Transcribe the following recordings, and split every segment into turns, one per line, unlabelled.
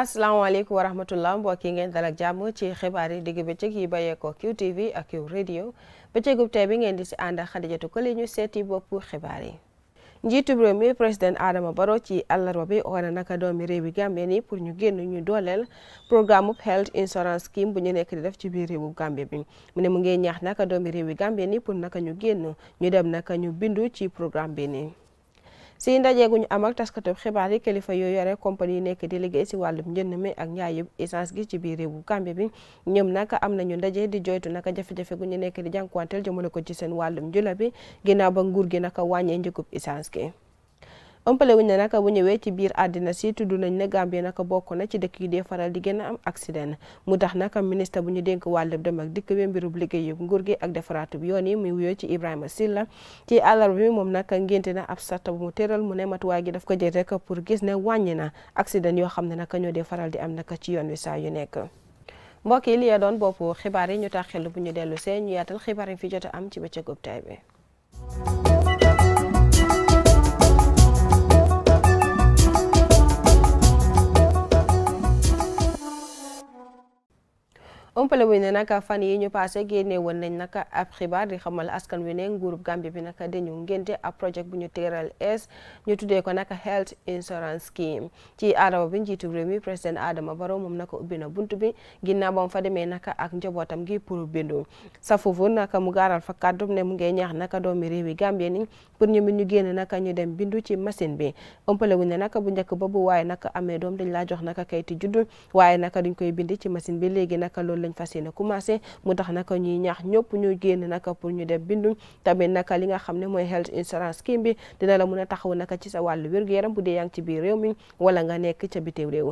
asalaamaaleykum wa rahmatullah mbokk yi ngeen dalak jàmm ci xibaar yi digg bëccëg yi bàyyeekoo QTV ak Q radio bëccëgub tey bi ngeen di si ànd ak Xadijatu Kole ñu seeti bopp xibaar yi. njiitu réew mi président Adama Barrow ci àllarba bi wax na naka doomi réew yi Gambie ni pour ñu génn ñu dooleel programme health insurance kii bu ñu nekk di def ci biir réewu Gambie bi mu ne mu ngee ñax naka doomi réew yi Gambie ni pour naka ñu génn ñu dem naka ñu bindu ci programme bi nii. si ndaje gu ñu am ak taskatu xibaar yi kilifa yooyo yore compagnie nekk di liggéey si wàllum njënd mi ak njaayub essence gi ci biir réew kambe bi ñoom naka am nañu ndaje di joytu naka jafe-jafe gu ñu nekk di jànkuwanteel jëmale ko ci seen wàllum njula bi ginnaaw ba nguur gi naka wàññee njëgub essence gi ëmpale wuñ ne naka bu ñëwee ci biir àddina si tudd nañ ne Gambie naka bokk na ci dëkk yi dee faral di gën am accident mu tax naka ministre bu ñu denk wàllub dem ak dikk bi mbirub liggéey yëpp nguur gi ak defaraatu yoon yi muy ci Ibrahima Silla ci àllarba bi moom naka ngénte na ab sarta bu mu teral mu ne matuwaay gi daf ko jël rek pour gis ne wàññi na accident yoo xam ne naka ñoo dee faral di am naka ci yoon wi saa yu nekk mbokk yi li doon boppu xibaar yi ñu tax xel bu ñu dellu see ñu yaatal xibaar yi fi jot a am ci bëccëg tay bi ëmpale wuñ ne nag fan yi ñu passé génne woon nañ nag ab xibaar di xamal askan wi ne nguurub Gambie bi nag dañu ngénte ab projet bu ñu tëral es ñu tuddee ko nag health insurance scheme ci aadama bi njiitu réew mi président Adama Barrow moom nag ubbi na buntu bi ginnaaw ba mu fa deme nag ak njabootam gi pour bindu sa foofu nag mu gaaral fa kàddu ne mu ngi ñaax nag doomi réewi Gambie ni pour ñu mit ñu génn nag ñu dem bindu ci machine bi ëmpale wuñ ne nag bu njëkk boobu waaye nag amee doom dañ laa jox nag kayti juddu waaye lañ fas yéene commencé mu tax nag ñuy ñaax ñëpp ñu génn nag pour ñu dem bindu tamit nag li nga xam ne mooy health insurance scheme bi dina la mën a taxaw naka ci sa wàllu wér-gu-yaram bu dee yaa ngi ci biir réew mi wala nga nekk ca bitew réew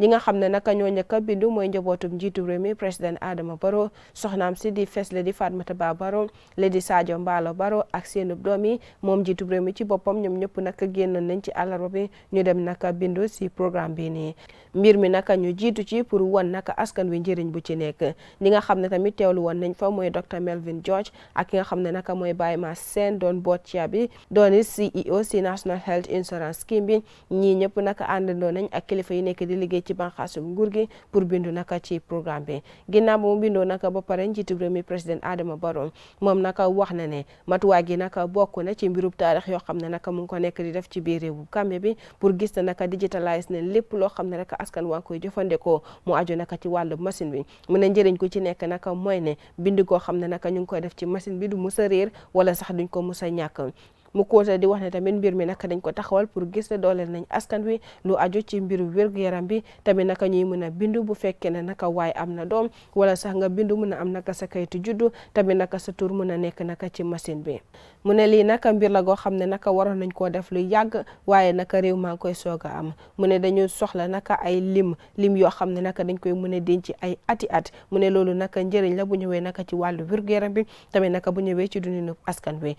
ñi nga xam ne naka ñoo njëkk a bindu mooy njabootum njiitu réew mi président Adama Barrow soxnaam si di fes la di Fatoumatta Bah Barrow la di Sadio Mballo Barrow ak seenub doom yi moom njiitu réew mi ci boppam ñoom ñëpp naka génnoon nañ ci àllarba bi ñu dem naka bindu si programme bi nii mbir mi naka ñu jiitu ci pour wan naka askan wi njëriñ bu ci nekk ñi nga xam ne tamit teewlu woon nañ fa mooy docteur Melvin George ak ki nga xam ne naka mooy Baye Mass Sène doon boot ci bi dooni CEO si National Health Insurance Scheme bi ñii ñëpp naka àndandoo nañ ak kilifa yi nekk di liggéey ci banxaasum nguur gi pour bindu naka ci programme bi ginnaaw ba mu bindoo naka ba pare njiitu réew mi président Adama Barrow moom naka wax na ne matuwaay gi naka bokk na ci mbirub taarix yoo xam ne naka mu ngi ko nekk di def ci biir réewu Gambie bi pour gis na naka digitalise ne lépp loo xam ne rek askan waa ngi koy jëfandikoo mu ajo naka ci wàllu machine bi mu na njëriñ ko ci nekk naka mooy ne bind koo xam ne naka ñu ngi koy def ci machine bi du mus a réer wala sax duñ ko mus a ñàkk mu kóota di wax ne tamit mbir mi naka dañ ko taxawal pour gis ne dooleel nañ askan wi lu aju ci mbiru wér-gu-yaram bi tamit naka ñuy mën a bindu bu fekkee ne naka waaye am na doom wala sax nga bindu mën a am naka sa kayitu juddu tamit naka sa tur mën a nekk naka ci machine bi mu ne lii naka mbir la goo xam ne naka waroon nañ koo def lu yàgg waaye naka réew maa ngi koy soog a am mu ne dañu soxla naka ay lim lim yoo xam ne naka dañ koy mën denc ay ati at mu ne loolu naka njëriñ la bu ñëwee naka ci wàllu wér yaram bi tamit naka bu ñëwee ci dundinu askan wi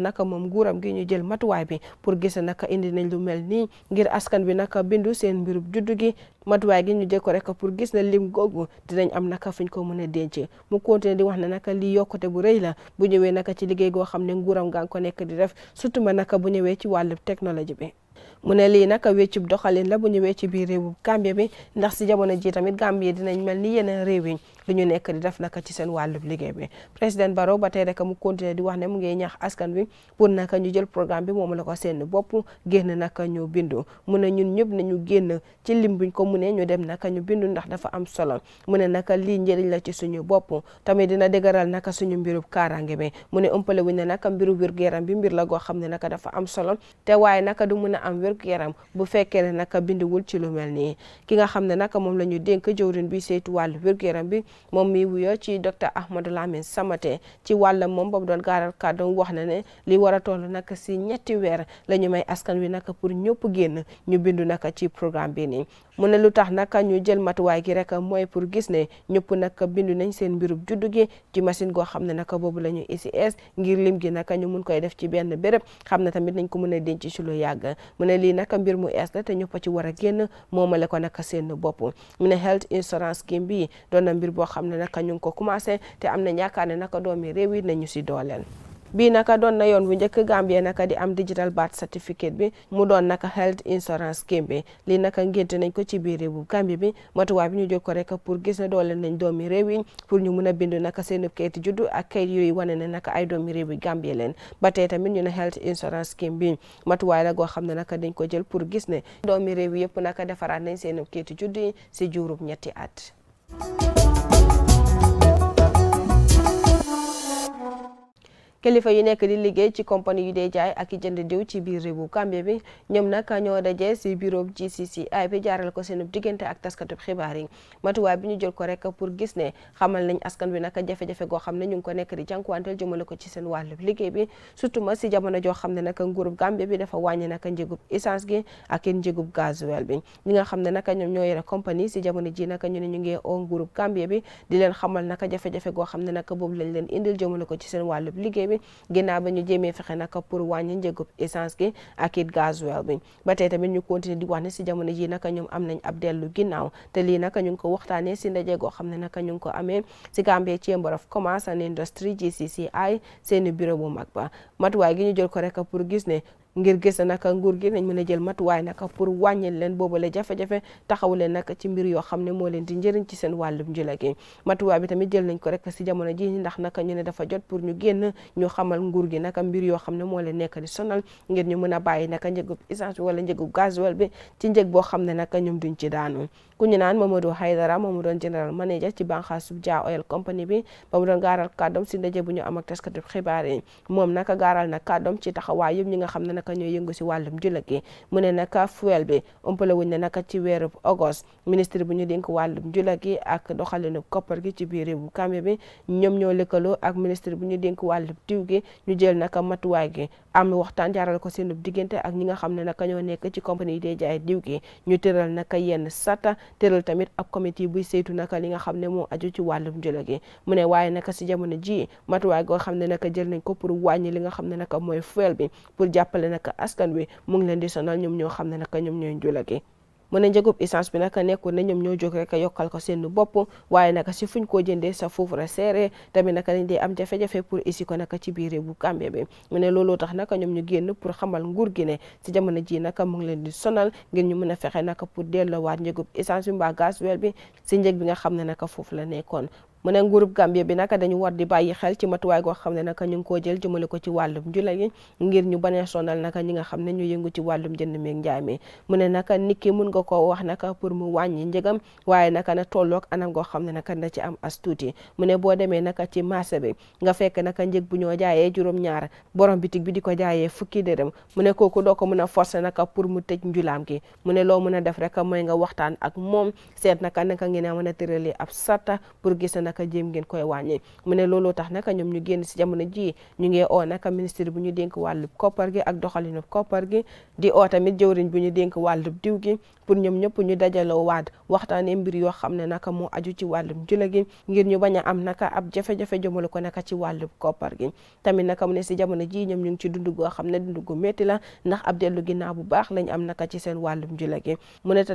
naka moom nguuram gi ñu jël matuwaay bi pour gis naka indi nañ lu mel nii ngir askan bi naka bindu seen mbirub juddu gi matuwaay gi ñu jël ko rek pour gis na lim googu dinañ am naka fiñ ko mën a mu continué di wax ne naka lii yokkute bu rëy la bu ñëwee naka ci liggéey goo xam ne nguuram gaa ko nekk di ref surtout ma naka bu ñëwee ci wàllu technologie bi mu ne lii nag weccub doxalin la bu ñëwee ci biir réewu Gambie bi ndax si jamono ji tamit Gambie dinañ mel ni yeneen réew yi lu ñu nekk di def naka ci seen wàllub liggéey bi président Barrow ba tey rek mu continuer di wax ne mu ngi ñaax askan wi pour naka ñu jël programme bi moom la ko seen bopp génn naka ñu bindu mu ne ñun ñëpp nañu génn ci lim buñ ko munee ñu dem naka ñu bindu ndax dafa am solo mu ne naka lii njëriñ la ci suñu bopp tamit dina dëgëral naka suñu mbirub kaaraange bi mu ne ëmpale wuñ ne naka mbiru wér-gu-yaram bi mbir la goo xam ne naka dafa am solo wér-gu-yaram bu fekkee ne naka bindiwul ci lu mel nii ki nga xam ne naka moom la ñu dénk jëwrin bi saytu wàllu wér-gu-yaram bi moom mi wuyo ci docteur Ahmadou Lamine Samaté ci wàllam moom boobu doon gaaral kàddoom wax na ne li war a toll naka si ñetti weer lañu ñu may askan wi naka pour ñëpp génn ñu bindu naka ci programme bi nii mu ne lu tax nag ñu jël matuwaay gi rek mooy pour gis ne ñëpp nag bindu nañ seen mbirub juddu ci machine goo xam ne nag boobu la ñu ICS ngir lim gi nag ñu mun koy def ci benn béréb xam ne tamit nañ ko mën a denc ci lu yàgg mu ne lii nag mbir mu ees la te ñëpp ci war a génn moomale ko nag seen bopp mu ne health insurance scheme bi doon na mbir boo xam ne nag ñu ko commencé te am na yaakaar ne nag doomi réew yi nañu si dooleel bii naka doon na yoon bu njëkk Gambia naka di am digital birth certificate bi mu doon naka health insurance scheme bi lii naka ngénte nañ ko ci biir réewu Gambia bi matuwaay bi ñu jóg ko rek pour gis ne doole nañ doomi réew yi pour ñu mun a bind naka seen kayit juddu ak kayit yooyu wane ne naka ay doomi réew yi leen ba tey tamit ñu ne health insurance scheme bi matuwaay la goo xam ne naka dañ ko jël pour gis ne doomi réew yëpp naka defaraat nañ seen kayit juddu yi si juróom ñetti at kilifa yi nekk di liggéey ci compagnie yi dee jaay ak i jënd diw ci biir réewu Gambie bi ñoom nag ñoo dajee si bureau GCCI bi jaaral ko seen diggante ak taskatu xibaar yi matuwaay bi ñu jël ko rek pour gis ne xamal nañ askan bi nag jafe-jafe goo xam ne ñu ngi ko nekk di jànkuwanteel jëmale ko ci seen wàllu liggéey bi surtout ma si jamono joo xam ne nag bi dafa wàññi nag njëgub essence gi ak njëgub gasoil bi ñi nga xam ne nag ñoom ñoo yore compagnie si jamono ji nag ñu ne ñu ngi oo bi di leen xamal nag jafe goo xam ne nag boobu lañ leen indil jëmale ko ci seen wàllu liggéey bi ginnaaw ba ñu jéemee fexe nag pour wàññi njëgub essence gi ak it gasoil bi ba tey tamit ñu continuer di wax ne si jamono ji naka ñoom am nañ ab dellu ginnaaw te lii naka ñu ngi ko waxtaanee si ndaje goo xam ne naka ñu ngi ko amee si Gambia Chamber of Commerce and Industry GCCI seeni bureau bu mag ba matuwaay gi ñu jël ko rek pour gis ne ngir gis naka nguur gi nañ mën a jël matuwaay naka pour wàññil leen boobu la jafe-jafe taxaw leen naka ci mbir yoo xam ne moo leen di njëriñ ci seen wàllum njëla gi matuwaay bi tamit jël nañ ko rek si jamono ji ndax naka ñu ne dafa jot pour ñu génn ñu xamal nguur gi naka mbir yoo xam ne moo leen nekk di sonal ngir ñu mën a bàyyi naka njëgub essence wala njëgub wol bi ci njëg boo xam ne naka ñoom duñ ci daanu ku ñu naan Mamadou Haydara moom mu doon general manager ci banxaasu Jah Oil Company bi ba mu doon gaaral kàddoom si ndaje bu ñu am ak taskatu xibaar yi moom naka gaaral na kàddoom ci taxawaay yëpp ñi nga xam ne naka ñooy yëngu si wàllum jula gi mu ne naka fuel bi ëmpale wuñ ne naka ci weeru august ministre bu ñu dénk wàllum jula gi ak doxalinu koppar gi ci biir réewu Gambie bi ñoom ñoo lëkkaloo ak ministre bu ñu dénk wàllum diw gi ñu jël naka matuwaay gi am waxtaan jaaral ko seenub diggante ak ñi nga xam ne naka ñoo nekk ci compagnie de dee jaay diw gi ñu tëral naka yenn sata tëral tamit ab comité buy saytu naka li nga xam ne moo aju ci wàllum jëlo gi mu ne waaye naka si jamono ji matuwaay goo xam ne naka jël nañ ko pour wàññi li nga xam ne naka mooy fuel bi pour jàppale naka askan wi mu ngi leen di sonal ñoom ñoo xam ne naka ñoom ñooy jëlo gi mu ne njëgub essence bi naka nekkul ne ñoom ñoo jóg rek yokal ko seen bopp waaye naka si fuñ ko jëndee sa foofu la seere tamit naka lañ dee am jafe-jafe pour isi ko naka ci biir réew bu Gambie bi mu ne looloo tax naka ñoom ñu génn pour xamal nguur gi ne si jamono ji naka mu ngi leen di sonal ngir ñu mën a fexe naka pour delloowaat njëgub essence bi mbaa gasoil bi si njëg bi nga xam ne naka foofu la nekkoon mu ne nguurub Gambie bi naka dañu war di bàyyi xel ci matuwaay goo xam ne naka ñu ngi koo jël jëmale ko ci wàllum njula gi ngir ñu bañ a sonal naka ñi nga xam ne ñu yëngu ci wàllum jënd meeg njaay mi mu ne naka nit ki mun nga koo wax naka pour mu wàññi njëgam waaye naka na tolloog anam goo xam ne naka na ci am as tuuti mu ne boo demee naka ci marché bi nga fekk naka njëg bu ñoo jaayee juróom ñaar borom bitig bi di ko jaayee fukki dërëm mu ne ko doo ko mun a forcer naka pour mu tëj njulaam gi mu ne loo mun a def rek mooy nga waxtaan ak moom seet naka naka ngeen a mën a tëralee ab sarta pour gis na naka jéem ngeen koy wàññi mu ne looloo tax naka ñoom ñu génn si jamono ji ñu ngi oo naka ministre bu ñu dénk wàllub koppar gi ak doxalinu koppar gi di oo tamit jëwriñ bu ñu dénk wàllub diw gi pour ñoom ñëpp ñu dajaloo waat waxtaanee mbir yoo xam ne naka moo aju ci wàllum jula gi ngir ñu bañ a am naka ab jafe-jafe jëmale ko naka ci wàllub koppar gi tamit naka mu ne si jamono ji ñoom ñu ngi ci dund goo xam ne dund gu métti la ndax ab dellu ginnaaw bu baax lañ am naka ci seen wàllum jula gi mu ne te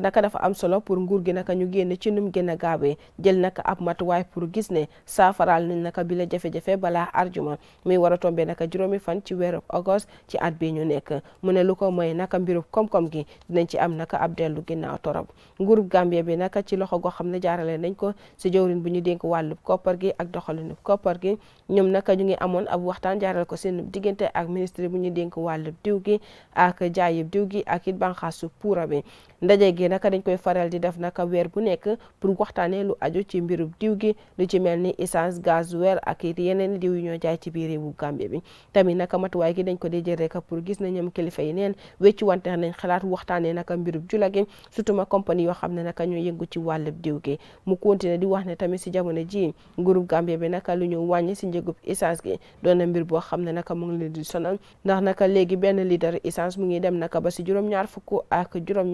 génn gis ne saafaraal nañ naka bi la jafe-jafe balaa arjuma muy war a tombe naka juróomi fan ci weeru august ci at bi ñu nekk mu ne lu ko mooy naka mbirub koom-koom gi dinañ ci am naka ab dellu ginnaaw torop nguurub Gambia bi naka ci loxo goo xam ne jaarale nañ ko si jawrin bu ñu dénk wàllub koppar gi ak doxalinu koppar gi ñoom naka ñu ngi amoon ab waxtaan jaaral ko seen diggante ak ministre bu ñu dénk wàllub diw gi ak jaayib diw gi ak it banxaasu puura bi ndaje gi naka dañ koy faral di def naka weer bu nekk pour waxtaanee lu aju ci mbirub diw gi lu ci mel ni essence gasoil ak it yeneen diw yu ñoo jaay ci biir réewu Gambie bi tamit naka matuwaay gi dañ ko di jël rek pour gis na ñoom kilifa yi neen wecci wante nañ xalaat waxtaanee naka mbirub jula gi surtout ma compagnie yoo xam ne naka ñoo yëngu ci wàllub diw gi mu continué di wax ne tamit si jamono ji nguurub Gambie bi naka lu ñu wàññi si njëgub essence gi doon mbir boo xam ne naka mu ngi leen di sonal ndax naka léegi benn litre essence mu ngi dem naka ba si juróom fukk ak juróom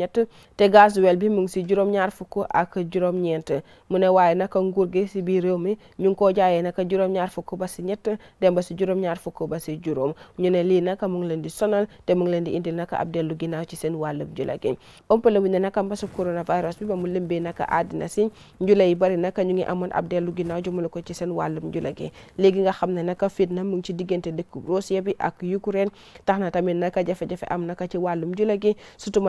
te gasoil bi mu ngi si juróom-ñaar fukk ak juróom-ñeent mu ne waaye naka nguur gi si biir réew mi ñu ngi koo jaayee naka juróom-ñaar fukk ba si ñett den ba si juróom-ñaar fukk ba si juróom ñu ne lii naka mu ngi leen di sonal te mu ngi leen di indil naka ab dellu ginnaaw ci seen wàllub jula gi ëmpale wu ne naka mbasu coronavirus mu lëmbee naka àddina si njula yi bari naka ñu ngi amoon ab dellu ginnaaw jëmale ko ci seen wàllum jula gi léegi nga xam ne naka fitna mu ngi ci diggante dëkku Russie bi ak Ukraine tax na tamit naka jafe-jafe am naka ci wàllum jula gi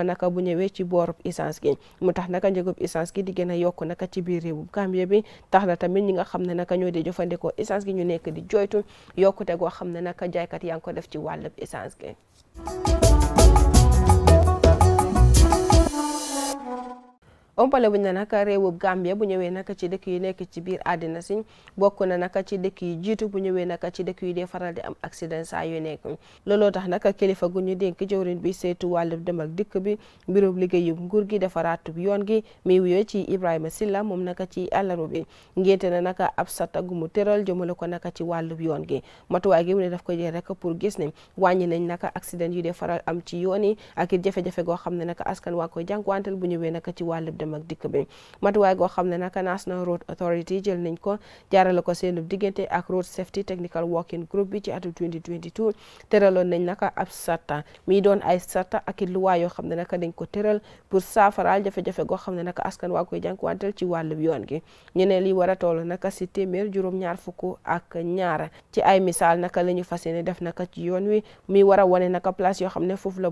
naka bu ñëwee boorub essence gi mu tax naka njëgub essence gi di gën a yokk naka ci biir réewub Gambia bi tax na tamit ñi nga xam ne naka ñoo di jëfandikoo essence gi ñu nekk di joytu yokkute goo xam ne na jaaykat yaa ngi ko def ci wàllub essence gi ompale wuñ na nag réewub Gambia bu ñëwee nag ci dëkk yi nekk ci biir àddina si bokk na nag ci dëkk yi jiitu bu ñëwee nag ci dëkk yi dee faral di am accident saa yu nekk looloo tax nag kilifa gu ñu dénk jëwrin bi saytu wàllub dem ak dikk bi mbirum liggéeyub nguur gi defaraatub yoon gi muy wuyoo ci Ibrahima Silla moom nag ci àllarba bi ngénte na nag ab sata mu tëral jëmale ko nag ci wàllub yoon gi matuwaay gi mu ne daf ko jël rek pour gis ne wàññi nañ nag accident yu dee faral am ci yoon yi ak it jafe goo xam ne nag askan waa koy jànkuwanteel bu ñëwee nag ci wàllub dem ak dikk bi matuwaay goo xam ne naka National Road Authority jël nañ ko jaarale ko seen ak Road Safety Technical Working Group bi ci atum 2022 tëraloon naka ab sarta mi doon ay sarta ak it luwaa yoo xam ne naka dañ ko tëral pour saafaraal jafe-jafe goo xam ne naka askan waa koy jànkuwanteel ci wàllu yoon gi ñu ne li war a naka si téeméer juróom-ñaar fukk ak ñaar ci ay misaal naka la ñu fas yéene def naka ci yoon wi mi war a wane naka place yoo xam ne foofu la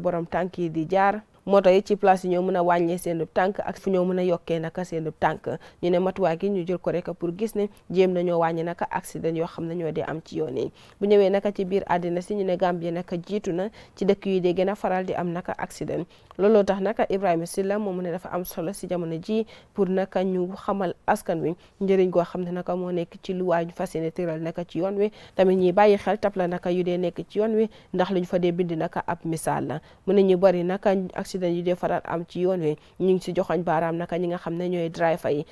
moto yi ci place yi ñoo mën a wàññee seen tànk ak fu ñoo a yokkee naka seen tànk ñu ne matuwaay gi ñu jël ko rek pour gis ne jéem nañoo wàññi naka accident yoo xam ne ñoo dee am ci yoon yi bu ñëwee naka ci biir àddina si ñu ne Gambie naka jiitu na ci dëkk yi dee gën a faral di am naka accident looloo tax naka Ibrahima Silla moom mu ne dafa am solo si jamono ji pour naka ñu xamal askan wi njëriñ goo xam ne naka moo nekk ci luwaay ñu fas yéene tëral naka ci yoon wi tamit ñuy bàyyi xel tab la naka yu dee nekk ci yoon wi ndax luñ fa dee bind naka ab misaal la accident yu dee faral am ci yoon wi ñu ngi si joxoñ baaraam naka ñi nga xam ne ñooy driver yi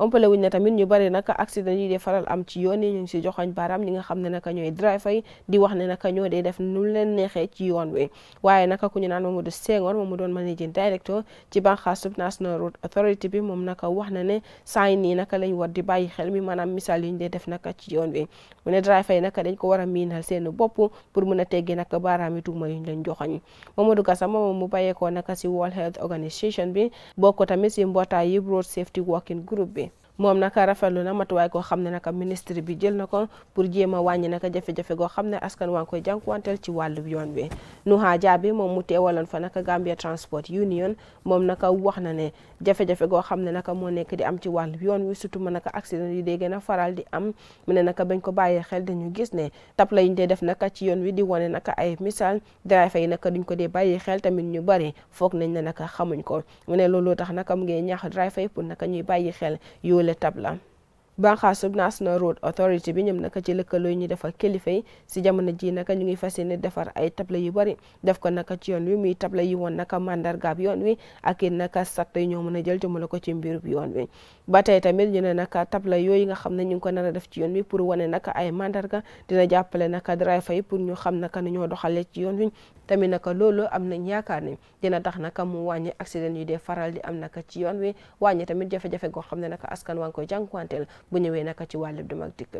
ëmpale wuñ ne tamit ñu bari nag accident yi de faral am ci yoon yi ñu ngi si joxoñ baaraam ñi nga xam ne naka ñooy driver yi di wax ne naka ñoo de def nu leen neexee ci yoon wi waaye naka ku ñu naan Mamadou Senghor moom mu doon managing director ci bànqaas National Road Authority bi moom naka wax na ne sign yi naka lañ war di bàyyi xel mi maanaam misaal yi ñu dee def naka ci yoon wi mu ne driver naka dañ ko war a miinal seen bopp pour mun a teggi naka baaraam yi tuuma yuñ leen joxoñ Mamadou Gassama moom mu bàyyeekoo naka si World Health Organization bi bokk tamit si mbootaay yëpp Road Safety Working Group bi moom naka rafetlu na matuwaay koo xam ne naka ministre bi jël na ko pour jéem a wàññi naka jafe-jafe goo xam ne askan waa ngi koy jànkuwanteel ci wàllu yoon bi Nuha Jabe moom mu teewaloon fa naka Gambia Transport Union moom naka wax na ne jafe-jafe goo xam ne naka moo nekk di am ci wàllu yoon wi surtout ma naka accident yi dee gën a faral di am mu ne naka bañ ko bàyyee xel dañu gis ne tabla yi ñu dee def naka ci yoon wi di wane naka ay misaal driver yi naka duñ ko dee bàyyee xel tamit ñu bari foog nañ ne naka xamuñ ko mu ne looloo tax naka mu ngi ñaax driver pour naka ñuy bàyyi xel yoole table banxaasub National Road Authority bi ñoom naka ci lëkkaloo ñu defar kilifa yi si jamono ji naka ñu ngi fas yéene defar ay tabla yu bari def ko naka ci yoon wi muy tabla yi woon naka mandargaab yoon wi ak it naka sart yi ñoo mën a jël jëmale ko ci mbirub yoon wi ba tey tamit ñu ne naka tabla yooyu nga xam ne ñu ngi ko nar def ci yoon wi wane naka ay mandarga dina jàppale naka driver yi pour ñu xam naka nu ñoo doxalee ci yoon wi tamit naka loolu am nañ yaakaar ne dina tax naka mu wàññi accident yu de faral di am naka ci yoon wi wàññi tamit jafe-jafe goo xam ne naka askan waa ngi koy jànkuwanteel bu ñëwee naka ci wàllu dem ak dikk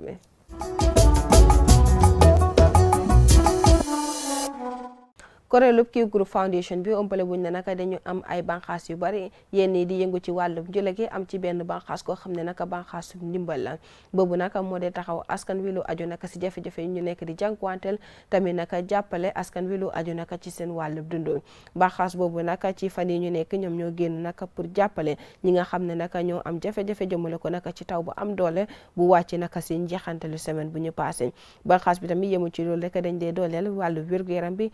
kuréelub Q Group Foundation bi ëmbale wuñ ne naka dañu am ay banqaas yu bari yenn yi di yëngu ci wàllum jële gi am ci benn banqaas koo xam ne naka banqaasu ndimbal la boobu naka moo dee taxaw askan wi lu aju naka si jafe-jafe ñu nekk di jànkuwanteel tamit naka jàppale askan wi lu aju naka ci seen wàllub dundoo banqaas boobu naka ci fan yi ñu nekk ñoom ñoo génn naka pour jàppale ñi xam ne naka ñoo am jafe-jafe jëmale ko naka ci taw bu am doole bu wàcc naka si njeexantalu semaine bu ñu passé banqaas bi tamit yemu ci loolu rek dañ dee dooleel wàllu wér yaram bi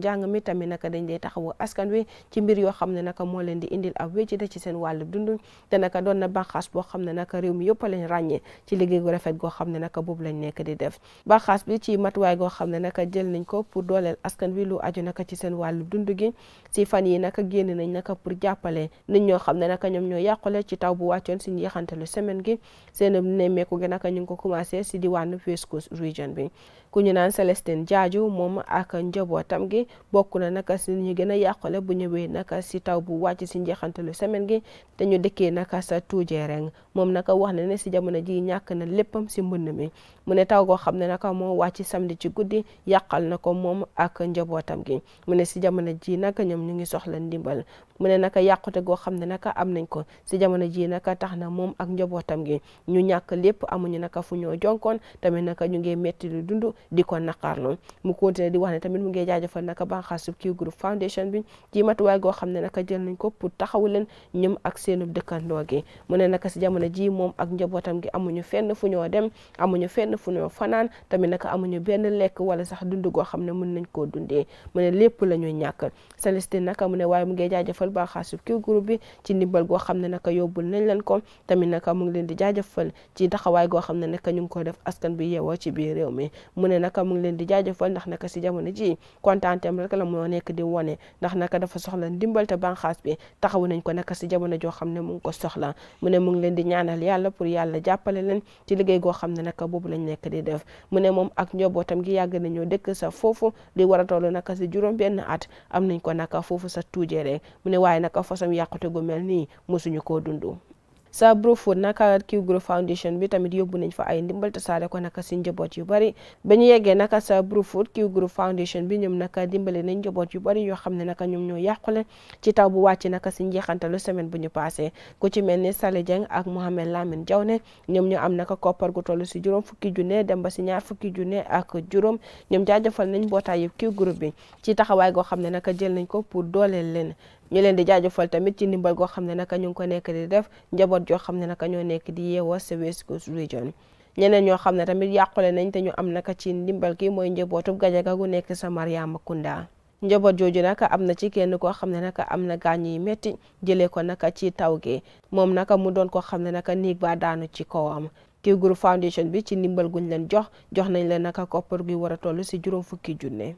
njàng mi tamit naka dañ dee taxawu askan wi ci mbir yoo xam ne naka moo leen di indil ab wéccite ci seen wàllu dund te naka doon na banqaas boo xam ne naka réew mi yëpp lañ ràññee ci liggéey gu rafet goo xam ne naka boobu lañ nekk di def banqaas bi ci matuwaay goo xam ne naka jël nañ ko pour dooleel askan wi lu aju naka ci seen wàllu dund gi si fan yi naka génn nañ naka pour jàppale nit ñoo xam ne naka ñoom ñoo yàqule ci taw bu wàccoon si njeexantalu semaine gi seen nemmeeku gi naka ñu ngi ko commencé si diwaanu West Coast region bi ku ñu naan Célestine Diadio moom ak njabootam gi bokk na nag si ñu gën a yàqule bu ñëwee nag si taw bu wàcc si njeexantalu semaine gi te ñu dëkkee nag sa Tuujeereng moom nag wax na ne si jamono ji ñàkk na léppam si mbënd mi mu ne taw goo xam ne nag moo wàcc samedi ci guddi yàqal na ko moom ak njabootam gi mu ne si jamono ji nag ñoom ñu ngi soxla ndimbal mu ne nag yàqute goo xam ne nag am nañ ko si jamono ji nag tax na moom ak njabootam gi ñu ñàkk lépp amuñu nag fu ñoo jonkoon tamit nag ñu metti lu dund di ko naqarlu mu continué di wax ne tamit mu ngi jaajëfal naka banxaasub Q Group Foundation bi ci matuwaay goo xam ne naka jël nañ ko pour taxawu leen ñoom ak seenub dëkkandoo gi mu ne naka si jamono ji moom ak njabootam gi amuñu fenn fu ñoo dem amuñu fenn fu ñoo fanaan tamit naka amuñu benn lekk wala sax dund goo xam ne mun nañ koo dundee mu ne lépp la ñuy ñàkk naka mu ne waaye mu ngi jaajëfal banxaasub Q Group bi ci ndimbal goo xam ne naka yóbbul nañ leen ko tamit naka mu ngi leen di jaajëfal ci taxawaay goo xam ne naka ñu ngi ko def askan bi yeewoo ci biir réew mi ne naka mu ngi leen di jaajëfal ndax naka si jamono ji kontaanteem rek la moo nekk di wone ndax naka dafa soxla ndimbal te bi taxawu nañ ko naka si jamono joo xam ne mu ngi ko soxla mu ne mu ngi leen di ñaanal yàlla pour yàlla jàppale leen ci liggéey goo xam ne naka boobu lañ nekk di def mu ne moom ak njobootam gi yàgg nañoo dëkk sa foofu li war a toll naka si juróom benn at am nañ ko naka foofu sa tuujee rek mu ne waaye naka fasam yàqute gu mel nii mosuñu koo dundu Sabro Food naka Q Grow Foundation bi tamit yóbbu nañ fa ay ndimbal tasaare ko naka si njaboot yu bari ba ñu yeggee naka Sabro Food Q Grow Foundation bi ñoom naka dimbale nañ njaboot yu bari yoo xam ne naka ñoom ñoo yàqule ci taw bu wàcc naka si njeexantalu semaine bu ñu passé ku ci mel ni Sale Dieng ak Mohamed Lamine Jawne ñoom ñoo am naka koppar gu toll si juróom fukki junne dem ba si ñaar fukki junne ak juróom ñoom jaajëfal nañ mbootaay yëpp Q Group bi ci taxawaay goo xam ne naka jël nañ ko pour dooleel leen ñu leen di jaajëfal tamit ci ndimbal goo xam ne naka ñu ngi ko nekk di def njaboot joo xam ne naka ñoo nekk di yeewoo sa West Coast Region ñeneen ñoo xam ne tamit yàqule nañ te ñu am naka ci ndimbal gi mooy njabootub Gajaga gu nekk sa Mariama Kunda njaboot jooju naka am na ci kenn koo xam ne naka am na gaañu yu métti jëlee ko naka ci taw gi moom naka mu doon koo xam ne naka niig ba daanu ci kawam kii group foundation bi ci ndimbal guñ leen jox jox nañ leen naka koppar gi war a toll si juróom fukki junne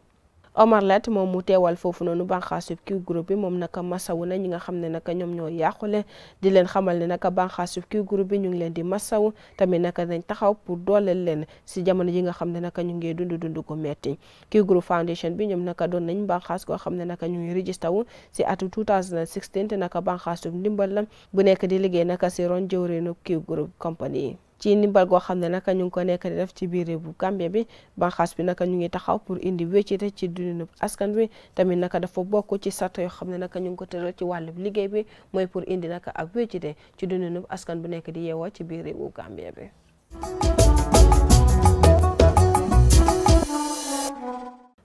Omar Lat moom mu teewal foofu noonu banxaasu kiw groupe bi moom naka masawu na ñi nga xam ne naka ñoom ñoo yàqule di leen xamal ne naka banxaasu kiw groupe bi ñu ngi leen di masawu tamit naka dañ taxaw pour dooleel leen si jamono yi nga xam ne naka ñu ngi dund dund ko metti kiw groupe foundation bi ñoom naka doon nañ banxaas koo xam ne naka ñu ngi registré wu si atu 2016 te naka banxaasu ndimbal la bu nekk di liggéey naka si ron jëwriñu kiw groupe company yi ci ndimbal goo xam ne naka ñu ngi ko nekk di def ci biir bu Gambie bi banxaas bi naka ñu ngi taxaw pour indi wéccite ci dundinu askan wi tamit naka dafa bokk ci sarta yoo xam ne naka ñu ngi ko tere ci wàllum liggéey bi mooy pour indi naka ak wéccite ci dundinu askan bu nekk di yeewoo ci biir réew bu Gambie bi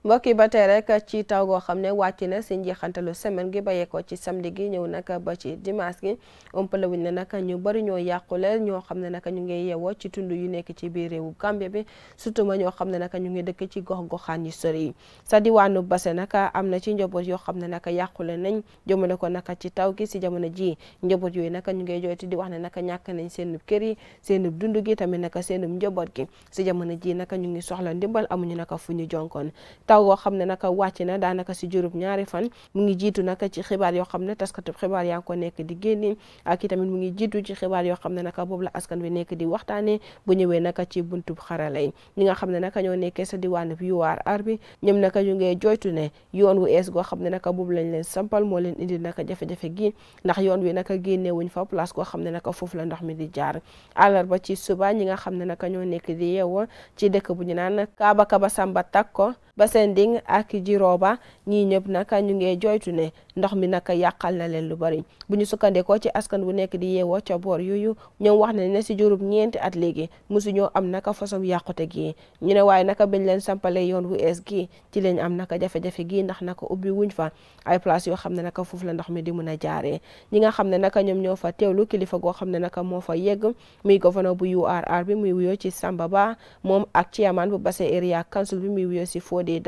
mbokk ba tey rek ci taw goo xam ne wàcc na si njeexantalu semaine gi bayeekoo ci samedi gi ñëw nag ba ci dimanche gi ëmpale wuñ ne nag ñu bari ñoo yàqule ñoo xam ne nag ñu ngi yeewoo ci tund yu nekk ci biir réewu Gambie bi surtout ma ñoo xam ne nag ñu ngi dëkk ci gox goxaan yu sori yi sa diwaanu Basse nag am na ci njaboot yoo xam ne nag yàqule nañ jëmale ko nag ci taw gi si jamono ji njaboot yooyu nag ñu ngi jooytu di wax ne nag ñàkk nañ seen kër yi seen dund gi tamit nag seen njaboot gi si jamono ji nag ñu ngi soxla ndimbal amuñu nag fu ñu jonkoon taw woo xam ne naka wàcc na daanaka si juróom ñaari fan mu ngi naka ci xibaar yoo xam ne taskatu xibaar yaa ngi ko nekk di génne ak itamit mu ngi jiitu ci xibaar yoo xam ne naka boobu la askan wi nekk di waxtaanee bu ñëwee naka ci buntub xarala yi ñi nga xam ne naka ñoo nekkee sa diwaanub URR bi ñoom naka ñu ngee ne yoon wu ees goo xam ne naka boobu lañ leen sampal moo leen indi naka jafe gi ndax yoon wi naka génne wuñ fa place goo xam ne naka foofu la ndox mi di jaar àllarba ci suba ñi nga xam ne naka ñoo nekk di yeewoo ci dëkk bu ñu naan Kaaba Kaba Samba Takko ba seen Sending ak Jiroba ñii ñëpp nag ñu ngi joytu ne ndox mi nag yàqal na leen lu bari bu ñu sukkandikoo ci askan bu nekk di yeewoo ca boor yooyu ñoom wax nañ ne si juróom ñeenti at léegi mosuñoo am naka façon yàqute gi ñu ne waaye naka bañ leen sampale yoon wu ees gi ci lañ am naka jafe-jafe gi ndax naka ubbi wuñ fa ay place yoo xam ne naka foofu la ndox mi di mun a jaaree ñi nga xam ne naka ñoom ñoo fa teewlu kilifa goo xam ne naka moo fa yegg muy gouverneur bu URR bi muy wuyoo ci Samba Ba mo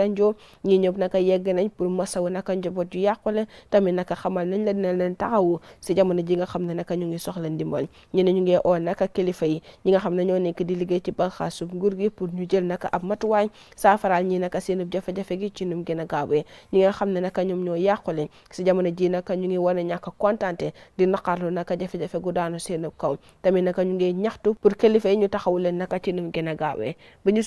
Njo ñi ñëpp naka yegg nañ pour masawu naka njaboot yu yàqule tamit naka xamal nañ la si jamono ji nga xam ne naka ñu ngi soxla ndimbal ñu ne ñu ngi oo naka nga xam ne ñoo nekk di liggéey ci banxaasub nguur gi pour ñu jël naka ab matuwaay saafaraal ñi naka seenub jafe-jafe gi ci num gën a gaawee ñi nga xam ne naka ñoom ñoo yàqule si jamono ji naka ñu ngi wane ñàkk kontante di naqarlu naka jafe-jafe gu daanu seenub kaw tamit naka ñu ngi ñaxtu pour kilifa yi ñu taxawu leen naka ci num gën a gaawee bu ñu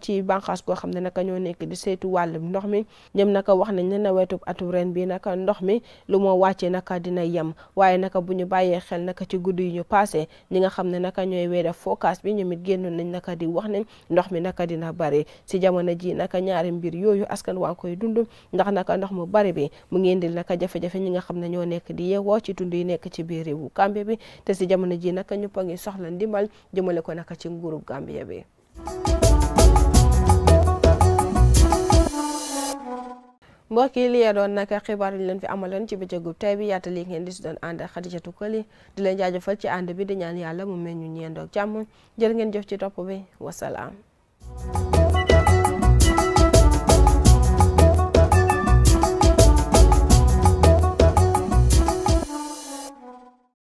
ci banxaas goo xam ne naka ñoo nekk bi saytu wàllum ndox mi ñoom naka wax nañ ne nawetub atum ren bi naka ndox mi lu moo wàccee naka dina yem waaye naka bu ñu bàyyee xel naka ci guddi yu ñu passé ñi nga xam ne naka ñooy weeda forecast bi ñoom it génnoon nañ naka di wax ne ndox mi naka dina bari si jamono ji naka ñaari mbir yooyu askan waa ngi dund ndax naka ndox mu bari bi mu ngi indil naka jafe ñi nga xam ne ñoo nekk di yeewoo ci tund yi nekk ci biir réewu Gambie bi te si jamono ji naka ñëpp a ngi soxla ndimbal jëmale ko naka ci nguurub Gambie bi mbokk yi liee doon naka xibaar yi leen fi amaloon ci bëccëgub tey bi yaata lii ngeen di si doon ànd ak Xadijatu Koli di leen jaajëfal ci ànd bi di ñaan yàlla mu mel ñu ñeendoog jàmm jër ngeen jëf ci topp bi wasalaam